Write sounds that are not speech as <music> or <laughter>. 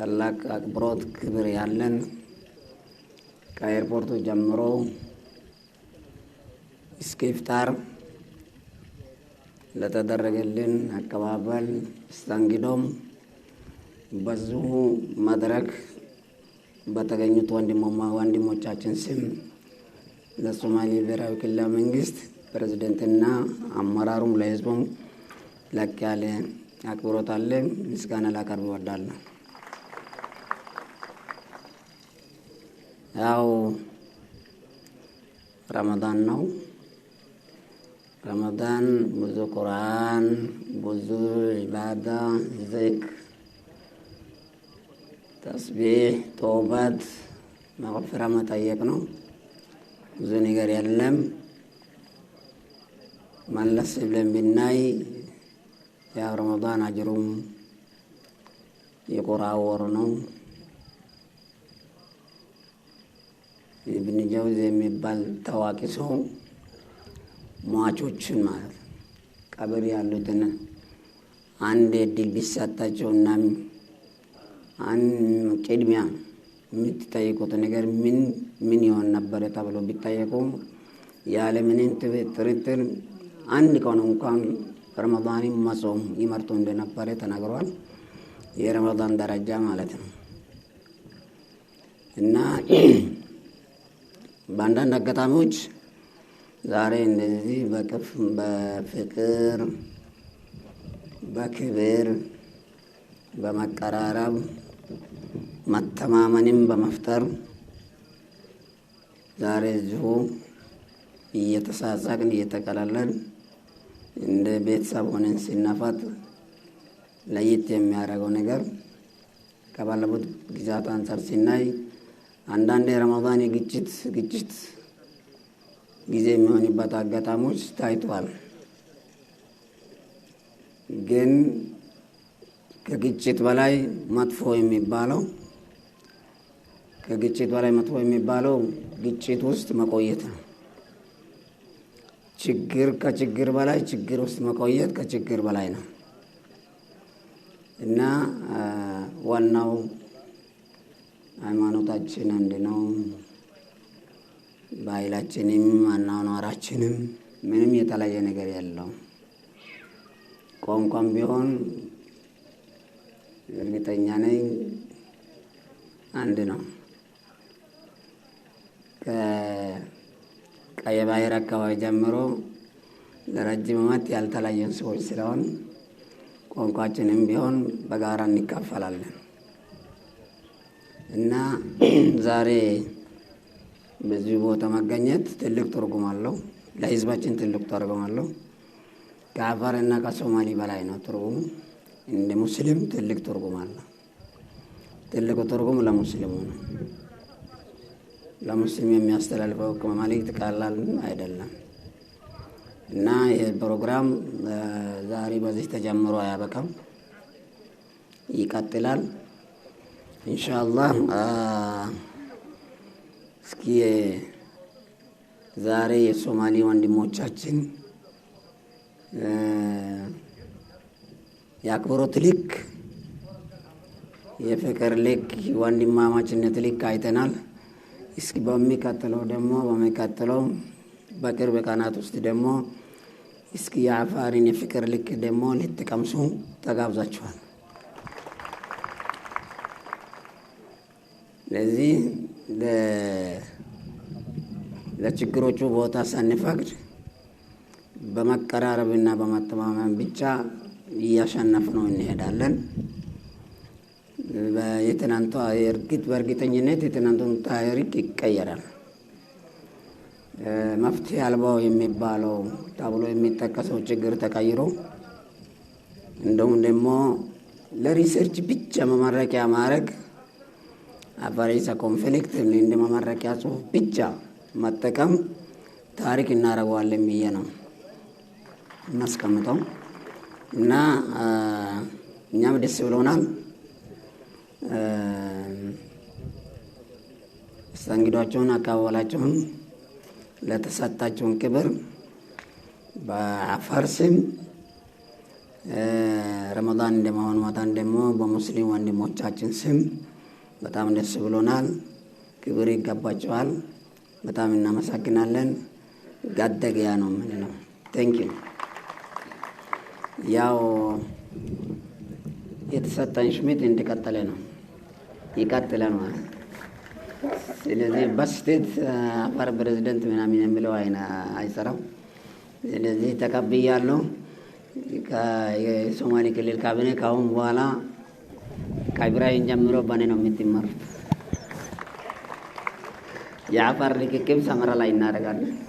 ታላቅ አክብሮት ክብር ያለን ከኤርፖርቱ ጀምሮ እስከ ኢፍጣር ለተደረገልን አቀባበል ስተንግዶም በዚሁ መድረክ በተገኙት ወንድሞቻችን ስም ለሶማሌ ብሔራዊ ክልላዊ መንግስት ፕሬዝደንትና አመራሩም ለህዝቡም ላቅ ያለ አክብሮት አለ ምስጋና ላቀርብ እወዳለሁ። ያው ረመዳን ነው። ረመዳን ብዙ ቁርአን፣ ብዙ ዒባዳ፣ ዚክ፣ ተስቢሕ፣ ተውበት፣ መቅፍራ መጠየቅ ነው። ብዙ ነገር የለም። መለስ ብለን ብናይ ያው ረመዳን አጅሩም የቁራ ወር ነው። ብንጀውዝ የሚባል ታዋቂ ሰው ሟቾችን ማለት ቀብር ያሉትን አንድ እድል እና ቅድሚያ የምትጠይቁት ነገር ምን ምን ይሆን ነበረ ተብሎ ቢጠየቁ ያለምንም ጥርጥር አንድ ቀን እንኳን ረመዳንን መጾም ይመርጡ እንደነበረ ተናግረዋል። የረመዳን ደረጃ ማለት ነው እና <clears throat> በአንዳንድ አጋጣሚዎች ዛሬ እንደዚህ በቅፍ በፍቅር በክብር በመቀራረብ መተማመንም በመፍጠር ዛሬ እዚሁ እየተሳሳቅን እየተቀላለን እንደ ቤተሰብ ሆነን ሲናፋት ለየት የሚያደርገው ነገር ከባለፉት ጊዜያት አንጻር ሲናይ አንዳንድ የረመዳን የግጭት ግጭት ጊዜ የሚሆንበት አጋጣሚዎች ታይቷል። ግን ከግጭት በላይ መጥፎ የሚባለው ከግጭት በላይ መጥፎ የሚባለው ግጭት ውስጥ መቆየት ነው። ችግር ከችግር በላይ ችግር ውስጥ መቆየት ከችግር በላይ ነው እና ዋናው ሃይማኖታችን አንድ ነው። ባህላችንም አኗኗራችንም ምንም የተለየ ነገር ያለው ቋንቋም ቢሆን እርግጠኛ ነኝ አንድ ነው። ከቀይ ባህር አካባቢ ጀምሮ ለረጅም ዓመት ያልተለየን ሰዎች ስለሆን ቋንቋችንም ቢሆን በጋራ እንካፈላለን። እና ዛሬ በዚህ ቦታ መገኘት ትልቅ ትርጉም አለው። ለህዝባችን ትልቅ ትርጉም አለው። ከአፋር እና ከሶማሊ በላይ ነው ትርጉሙ። እንደ ሙስሊም ትልቅ ትርጉም አለው። ትልቁ ትርጉም ለሙስሊሙ ነው። ለሙስሊም የሚያስተላልፈው መልእክት ቀላል አይደለም እና ይህ ፕሮግራም ዛሬ በዚህ ተጀምሮ አያበቃም፣ ይቀጥላል። ኢንሻአላህ እስኪ ዛሬ የሶማሌ ወንድሞቻችን የአክብሮት ልክ፣ የፍቅር ልክ፣ ወንድማማችነት ልክ አይተናል። እስኪ በሚቀጥለው ደግሞ በሚቀጥለው በቅርብ ቀናት ውስጥ ደግሞ እስኪ የአፋርን የፍቅር ልክ ደግሞ ልትቀምሱ ተጋብዛችኋል። ለዚህ ለችግሮቹ ቦታ ሳንፈቅድ በመቀራረብና በመተማመን ብቻ እያሸነፍ ነው እንሄዳለን። የትናንቷ እርግጥ በእርግጠኝነት የትናንቱን ታሪክ ይቀየራል። መፍትሄ አልባው የሚባለው ተብሎ የሚጠቀሰው ችግር ተቀይሮ እንደውም ደግሞ ለሪሰርች ብቻ መመረቂያ ማድረግ አባሬሳ ኮንፍሊክት እንደ መመረቂያ ጽሁፍ ብቻ መጠቀም ታሪክ እናደርገዋለን ብዬ ነው እናስቀምጠው እና እኛም ደስ ብሎናል። መስተንግዷቸውን፣ አካባላቸውን ለተሰጣቸውን ክብር በአፋር ስም ረመዳን እንደመሆኑ መጠን ደግሞ በሙስሊም ወንድሞቻችን ስም በጣም ደስ ብሎናል። ክብር ይገባቸዋል። በጣም እናመሰግናለን። ጋደገያ ነው የምንለው። ቴንኪው ያው የተሰጠኝ ሽሚት እንድቀጠለ ነው ይቀጥላል ማለት ስለዚህ በስቴት አፋር ፕሬዚደንት ምናምን የሚለው አይነ አይሰራም። ስለዚህ ተቀብያለሁ። የሶማሌ ክልል ካቢኔ ካሁን በኋላ Kabira injamiro baneno miti mar. Ya parli ke kem samara lain naragan.